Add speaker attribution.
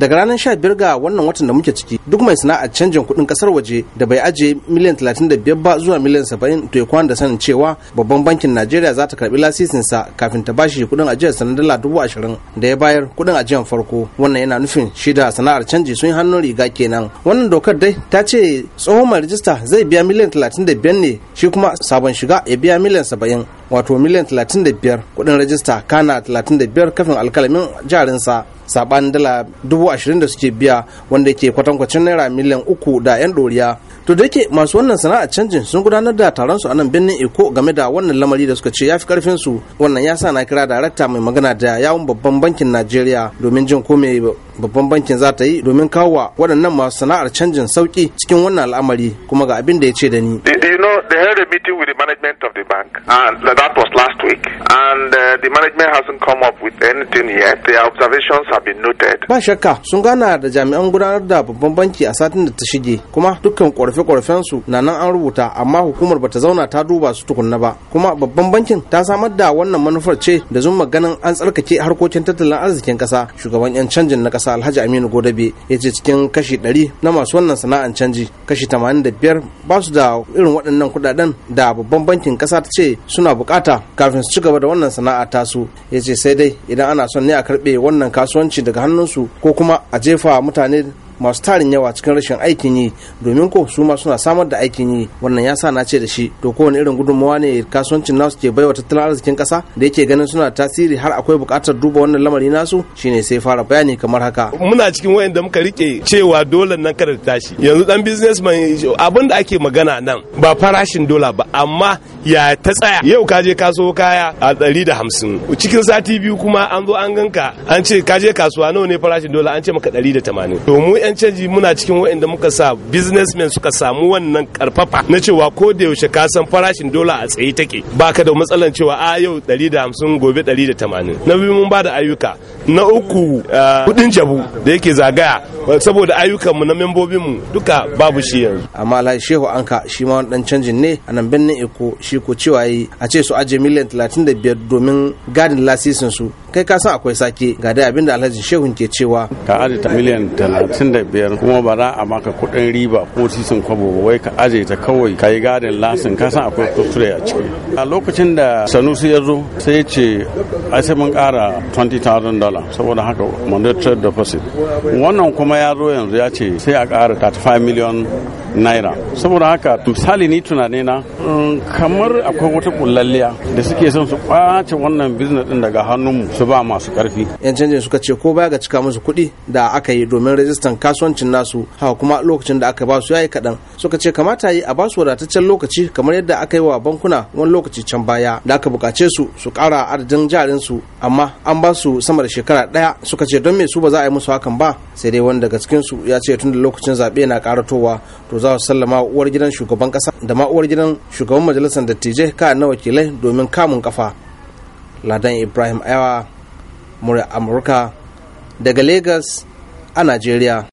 Speaker 1: daga ranar 15 ga wannan watan da muke ciki duk mai sana'ar canjin kuɗin ƙasar waje da bai aje miliyan 35 ba zuwa miliyan 70 to ya da sanin cewa babban bankin Najeriya za ta karbi lasisin sa kafin ta bashi kuɗin ajiyar na dala dubu ashirin da ya bayar kuɗin ajiyar farko wannan yana nufin shi da sana'ar canji sun yi hannun riga kenan wannan dokar dai ta ce tsohon mai rijista zai biya miliyan 35 ne shi kuma sabon shiga ya biya miliyan 70 wato miliyan 35 kuɗin rajista kana 35 kafin alkalamin jarinsa saban dala dubu ashirin da suke biya wanda ke kwatankwacin naira miliyan uku da yan doriya to da yake masu wannan sana'a canjin sun gudanar da taron su a nan birnin eko game da wannan lamari da suka ce ya fi karfin su wannan ya sa na kira darakta mai magana da yawun babban bankin najeriya domin jin ko me babban bankin za ta yi domin kawo wa waɗannan masu sana'ar canjin sauki cikin wannan al'amari kuma ga abin da ya ce da ni.
Speaker 2: You know, they a meeting of the bank, and was last week. And uh, the management hasn't come up with anything yet. Their observations have noted.
Speaker 1: Ba shakka sun gana da jami'an gudanar da babban banki a satin da ta shige, kuma dukkan ƙorafe-ƙorafen su na nan an rubuta, amma hukumar bata zauna ta duba su tukunna ba. Kuma babban bankin ta samar da wannan manufar ce da zuma ganin an tsarkake harkokin tattalin arzikin ƙasa, shugaban 'yan canjin na ƙasa kansa alhaji aminu godabe ya ce cikin kashi ɗari na masu wannan sana'an canji kashi tamanin 85 ba su da irin waɗannan kuɗaɗen da babban bankin ƙasa ta ce suna bukata kafin su ci gaba da wannan sana'a tasu ya ce sai dai idan ana son ne a karɓe wannan kasuwanci daga hannunsu ko kuma a jefa mutane masu tarin yawa cikin rashin aikin yi domin ko su ma suna samar da aikin yi wannan ya sa na ce da shi to kowane irin gudunmawa ne kasuwancin nasu ke baiwa tattalin arzikin kasa da yake ganin suna tasiri har akwai bukatar duba wannan lamari nasu shine sai fara bayani kamar haka
Speaker 3: muna cikin wayan da muka rike cewa dole nan kada ta tashi yanzu dan businessman abin da ake magana nan ba farashin dola ba amma ya ta tsaya yau ka je kaso kaya a ɗari da hamsin cikin sati biyu kuma an zo an ganka an ce ka je kasuwa nawa ne farashin dola an ce maka ɗari da tamanin to mu 'yan canji muna cikin waɗanda muka sa businessmen suka samu wannan karfafa na cewa ko da yaushe ka san farashin dola a tsaye take baka da matsalan cewa a yau 150 gobe 180 na biyu mun ba da ayyuka na uku eh, kudin jabu da yake zagaya Eh, saboda ayyukanmu na membobinmu duka babu shi yanzu amma alhaji shehu anka
Speaker 1: shi ma wani dan canjin ne a nan birnin eko shi ko cewa yi a ce su aje miliyan 35 domin gadin lasisin su kai ka san akwai sake ga dai abinda alhaji shehu ke cewa
Speaker 2: ka aje ta miliyan 35 kuma ba za a maka kuɗin riba ko sisin kwabo ba wai ka aje ta kawai ka yi gadin lasin ka san akwai kusure a ciki a lokacin da sanusi ya zo sai ya ce ai sai mun kara 20,000 saboda haka mandatory deposit wannan kuma kuma yanzu ya ce sai a ƙara 35 miliyon naira saboda haka misali ni tunani na mm, kamar akwai wata kullalliya da suke son su kwace wannan biznes din daga hannunmu su ba masu karfi yan canjin suka ce ko baya ga cika musu kuɗi da aka
Speaker 1: yi domin rajistan kasuwancin nasu hawa kuma lokacin da aka ba su yayi kaɗan suka ce kamata yi a ba su wadataccen lokaci kamar yadda aka yi wa bankuna wani lokaci can baya da aka bukace su su ƙara adadin jarin su amma an ba su sama da shekara ɗaya suka ce don me su ba za a yi musu hakan ba sai dai wanda daga su ya ce tun da lokacin zaɓe na karatowa to za su sallama uwar gidan shugaban ƙasa da ma uwar gidan shugaban majalisar dattijai ka na wakilai domin kamun kafa ladan ibrahim ayawa murya amurka daga lagos a najeriya